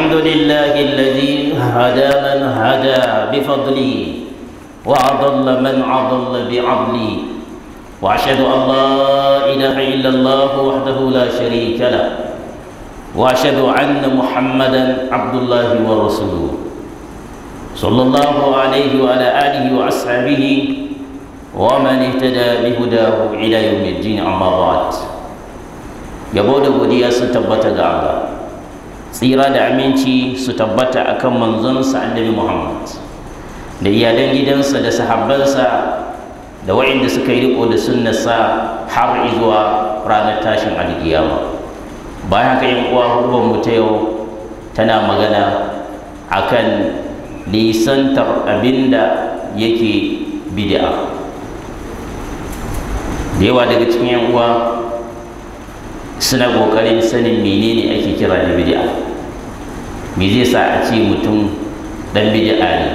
الحمد لله الذي هدى من هدى بفضلي وأضل من أضل بعضلي وأشهد أن لا إله إلا الله وحده لا شريك له وأشهد أن محمدا عبد الله ورسوله صلى الله عليه وعلى آله وأصحابه ومن اهتدى بهداه إلى يوم الدين أما بعد يقول ودي أسن تبت الله tsira da aminci su tabbata a kan manzonsa annabi muhammad da iyalan gidansa da sahabbansa da wa'inda suka yi riko da sunnarsa har zuwa ranar tashin alkiyama bayan haka yan uwa hukumar mu ta yau tana magana akan nisantar abinda yake bid'a da yawa daga cikin yan uwa suna ƙoƙarin sanin menene ake kira da bid'a me zai sa a ce mutum dan bid'a ne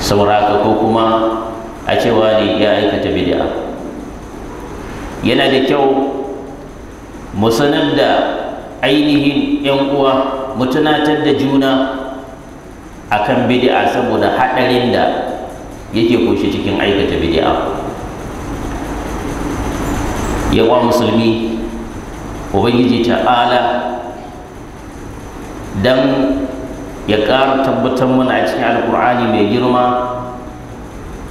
sauraka ko kuma a cewa ne ya aikata bid'a yana da kyau mu sanar da ainihin 'yan uwa mu tunatar da juna akan bid'a saboda haɗarin da yake kushe cikin aikata bid'a yawa musulmi ubangiji ta'ala don ya ƙara tabbatar mana a cikin alkur'ani mai girma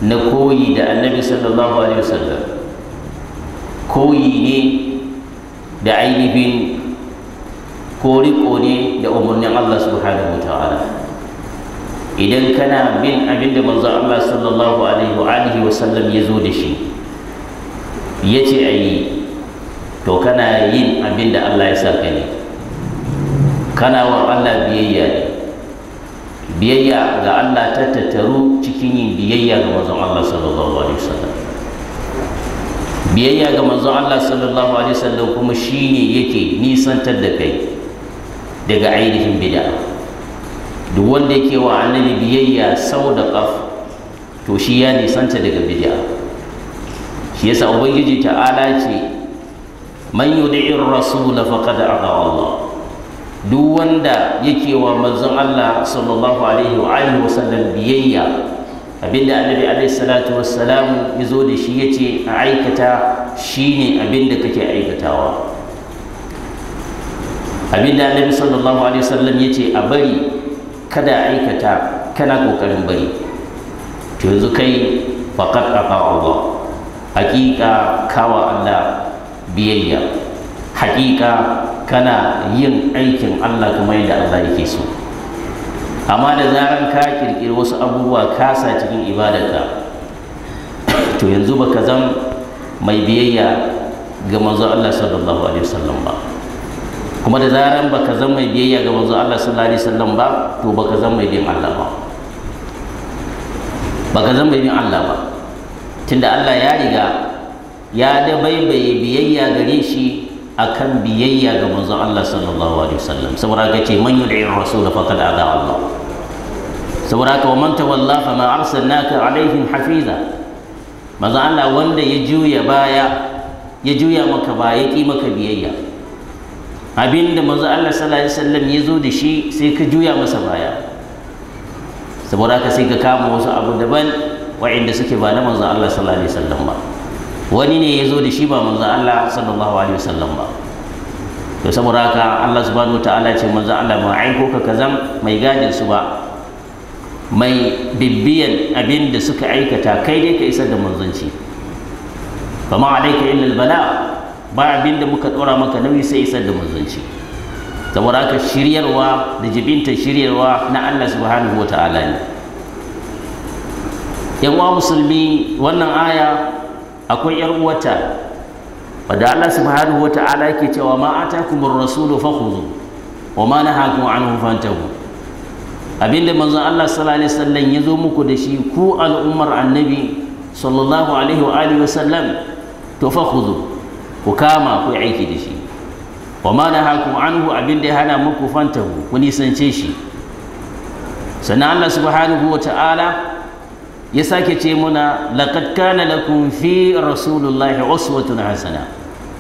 na koyi da annabi sallallahu alaihi wasallam koyi ne da ainihin koriko ne da umarnin allah subhanahu wa ta'ala idan kana bin abin da manzo allah sallallahu alaihi wa alihi wasallam ya zo da shi ya ce a yi to kana yin abin da Allah ya sa ka ne kana wa Allah biyayya ne biyayya ga Allah ta tattaru cikin yin biyayya ga mazan Allah sallallahu alaihi wasallam biyayya ga manzon Allah sallallahu alaihi wasallam kuma shine yake nisantar da kai daga ainihin bid'a duk wanda yake wa annabi biyayya sau da kaf to shi ya nisanta daga bid'a yasa ubangiji ta'ala ce man ar rasul faqad ata Allah duk wanda yake wa manzon Allah sallallahu alaihi wa alihi wa sallam biyayya abinda annabi alaihi salatu wassalam ya zo da shi yace a aikata shine abinda kake aikatawa abinda annabi sallallahu alaihi wa sallam yace a bari kada aikata kana kokarin bari to yanzu kai faqad ata Allah hakika kawa Allah biyayya hakika kana yin aikin Allah kamar yadda Allah yake so amma da zaran ka kirkiri wasu abubuwa kasa cikin ibadarka to yanzu baka zan mai biyayya ga manzo Allah sallallahu alaihi wasallam ba kuma da zaran baka zan mai biyayya ga manzo Allah sallallahu alaihi wasallam ba to baka zan mai biyan Allah ba baka zan mai biyan Allah ba tunda Allah ya riga ya da baibaye biyayya gare shi akan biyayya ga manzon Allah sallallahu alaihi wasallam saboda ka ce man yud'i rasul faqad ada Allah saboda ka wa man tawalla fa ma arsalnaka alaihim hafiza manzon Allah wanda ya juya baya ya juya maka baya ya ki maka biyayya abinda manzon Allah sallallahu alaihi wasallam ya zo da shi sai ka juya masa baya saboda ka sai ka kama wasu abu daban wa'inda suke ba na manzon Allah sallallahu alaihi wasallam ba wani ne ya zo da shi ba manzon Allah sallallahu alaihi wasallam ba to saboda haka Allah subhanahu ta'ala ce manzon Allah ba aiko ka kazam mai gadin su ba mai bibiyan abin da suka aikata kai dai ka isar da manzanci ba ma alaika illal bala ba abin da muka dora maka nauyi sai isar da manzanci saboda haka shiryarwa da jibinta shiryarwa na Allah subhanahu wa ne yan uwa musulmi wannan aya akwai yar uwata wadda Allah subhanahu wa ta'ala yake cewa ma atakumur rasulu fakhudhu wa ma nahakum anhu fantahu abinda manzon Allah sallallahu alaihi wasallam ya zo muku da shi ku al'ummar annabi sallallahu alaihi wa alihi wasallam to fakhudhu ku kama ku aiki da shi wa ma an anhu abinda ya hana muku fantahu ku nisance shi sannan Allah subhanahu wa ta'ala ya sake ce muna laqad kana lakum fi rasulullahi uswatun hasana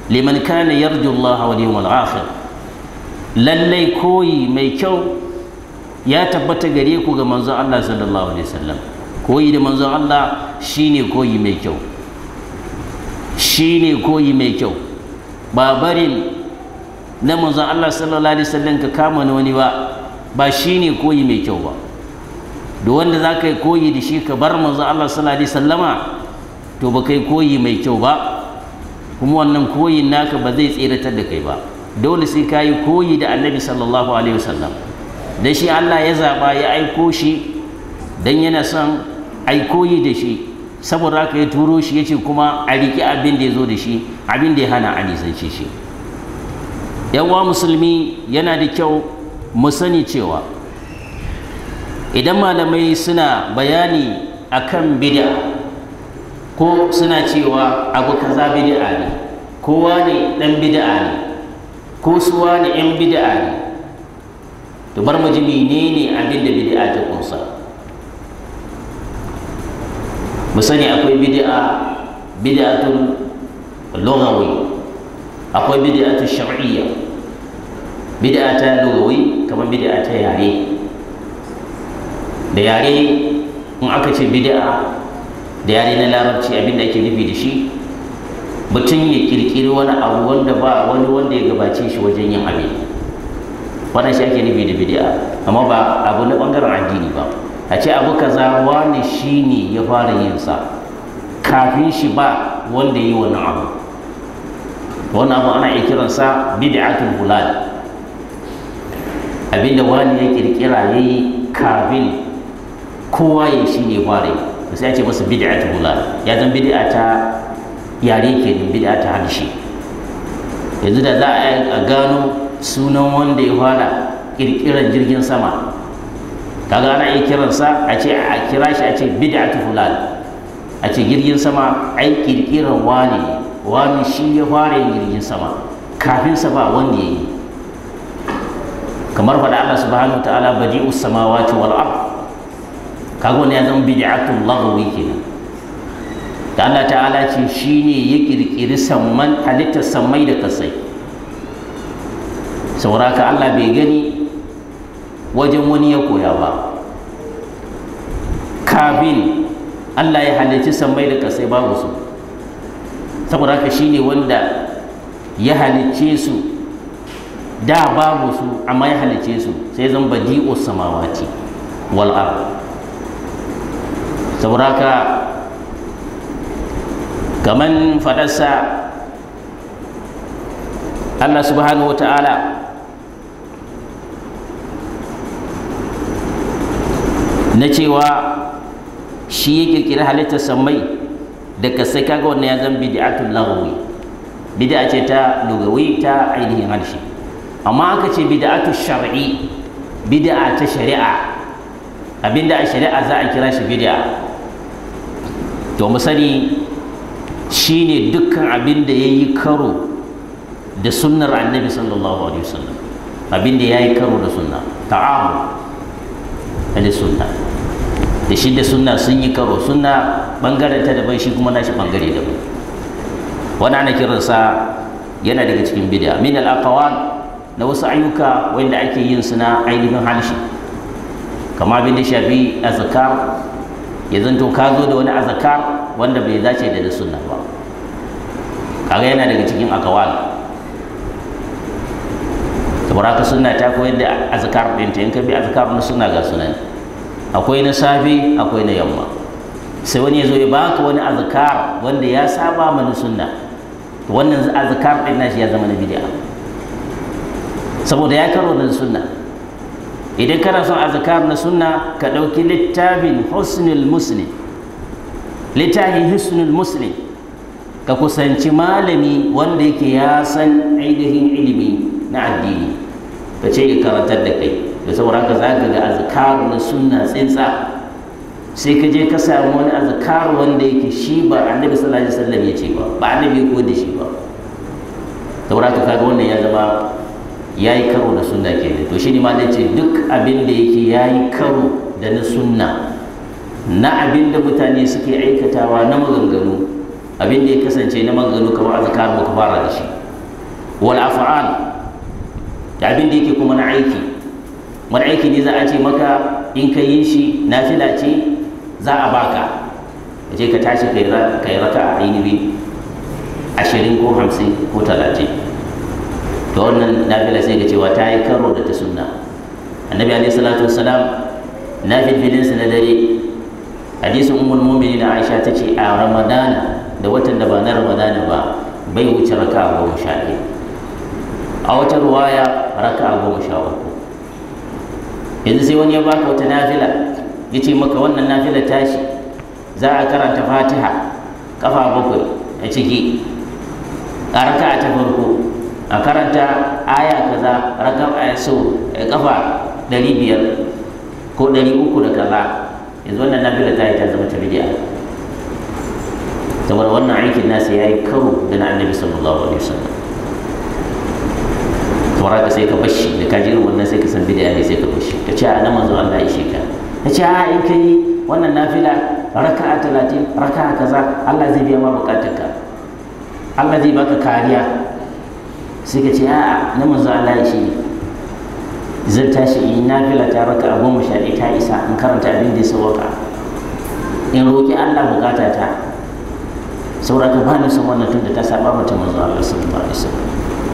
liman kana yarju Allah wal yawmal akhir lallai koyi mai kyau ya tabbata gare ku ga manzon Allah sallallahu alaihi wasallam koyi da manzon Allah shine koyi mai kyau shine koyi mai kyau ba na manzon Allah sallallahu alaihi wasallam ka kama wani ba ba shine koyi mai kyau ba da wanda za ka yi koyi da shi ka bar manzo Allah sallallahu alaihi sallama to ba kai koyi mai kyau ba kuma wannan koyin naka ba zai tseratar da kai ba dole sai ka yi koyi da annabi sallallahu alaihi wasallam da shi Allah ya zaɓa ya aiko shi dan yana son ai koyi da shi saboda haka ya turo shi ya ce kuma a riƙe abin da ya zo da shi abin da ya hana a nisance shi yawa musulmi yana da kyau mu sani cewa idan malamai suna bayani akan bid'a ko suna cewa abu kaza bid'a ne kowa ne dan bid'a ne ko suwa ne yan bid'a ne to bar mu ji menene abin da bid'a ta kunsa mu sani akwai bid'a bid'atul lughawi akwai bid'atul shar'iyya bid'a ta lughawi kamar bid'a ta yare da yare in aka ce bid'a da yare na larabci abinda ake nufi da shi mutum ya kirkiri wani abu wanda ba wani wanda ya gabace shi wajen yin abin wannan shi ake nufi da bid'a amma ba abu na bangaren addini ba a ce abu kaza wani shi ne ya fara yin sa kafin shi ba wanda ya yi wani abu wani abu ana iya kiransa bid'atul hulal abinda wani ya kirkira ya yi kafin kowa ya shi ne ware sai ya ce masa bid'a ta gula ya zan bid'a ta yare ke bid'a ta harshe yanzu da za a gano sunan wanda ya fara kirkiran jirgin sama kaga ana kiransa a ce a kira shi a ce bid'atu fulan a ce jirgin sama ai kirkiran wani wani shi ya fara yin jirgin sama kafin sa ba wanda ya yi kamar faɗa Allah subhanahu wa ta'ala badi'us samawati wal ard kaga wani ya zama bid'atun lagawi kenan da Allah ta'ala ce shine ya kirkiri samman halittar sammai da kasai sauraka Allah bai gani wajen wani ya koya ba kafin Allah ya halicci sammai da kasai babu su saboda haka shine wanda ya halicce su da babu su amma ya halicce su sai zan badi'u samawati wal ardh sauraka kaman fadarsa Allah subhanahu wa ta'ala na cewa shi ya kirkiri halittar sammai da kasai kaga wannan ya zan bid'atul lagwi bid'a ce ta lugawi ta ainihin harshe amma aka ce bid'atul shar'i bid'a ta shari'a abinda a shari'a za a kira shi bid'a to mu sani shine dukkan abin da ya yi karo da sunnar annabi sallallahu alaihi wasallam abin da ya yi karo da sunna ta'amu da sunna da shi da sunna sun yi karo sunna bangaren ta daban shi kuma nashi bangare daban wani ana kiransa yana daga cikin bid'a min al na wasu ayyuka wanda ake yin su na ainihin halshi kama abin da shafi azkar ya zanto ka zo da wani azakar wanda bai dace da sunna ba kaga yana daga cikin akawal saboda ka sunna ta koyar da azkar ta in ka bi azkar na sunna ga sunan akwai na safe akwai na yamma sai wani yazo ya baka wani azkar wanda ya saba mana sunna wannan azkar din nashi ya zama na bid'a saboda ya karo da sunna idan kana son azkar na sunna ka ɗauki littafin husnul muslim littafin husnul muslim ka kusanci malami wanda yake ya san ainihin ilimi na addini ka ce ka karantar da kai da saboda haka za ka ga azkar na sunna tsintsa sai ka je ka samu wani azkar wanda yake shi ba annabi sallallahu alaihi wasallam ya ce ba ba annabi ko da shi ba saboda haka kaga wannan ya zama ya yi karo da sunna kenan to shi ne ma ce duk abin da yake ya yi karo da na sunna na abin da mutane suke aikatawa na maganganu abin da ya kasance na maganganu kamar azkar muka fara da shi wal af'al da abin da yake kuma na aiki wani aiki ne za a ce maka in ka yi shi na nafila ce za a baka ka je ka tashi kai raka a ainihi ashirin ko hamsin ko talatin to wannan nafila sai ga cewa ta yi karo da ta sunna annabi alaihi salatu wassalam nafilfilinsa na dare hadisin ummul mu'minin aisha ta ce a ramadana da watan da ba na ramadana ba bai wuce raka goma sha ɗaya a wata ruwaya raka goma sha uku yanzu sai wani ya baka wata nafila ya ce maka wannan nafila tashi za a karanta fatiha kafa bakwai a ciki a raka ta farko a karanta aya kaza rakam a eh, so eh, kafa ɗari biyar ko ɗari uku da kaza yanzu wannan nafila ta yi ta zama ta bidiya saboda wannan aikin nasa ya yi karo da na annabi sallallahu alaihi wasallam saboda ka sai ka bashi da ka jirin wannan sai ka san bidiya ne sai ka bashi ka ce a nan manzo Allah ya sheka ka ce a in kai wannan nafila raka'a talatin raka'a kaza Allah zai biya ma bukatarka Allah zai baka kariya sai ce a na manzo Allah ya ce zan tashi in nafila ta raka a goma sha ta isa in karanta abin da ya sauka in roƙi Allah bukata ta sauraka ba ni son wannan tun da ta saba mata manzo Allah sallallahu alaihi wasallam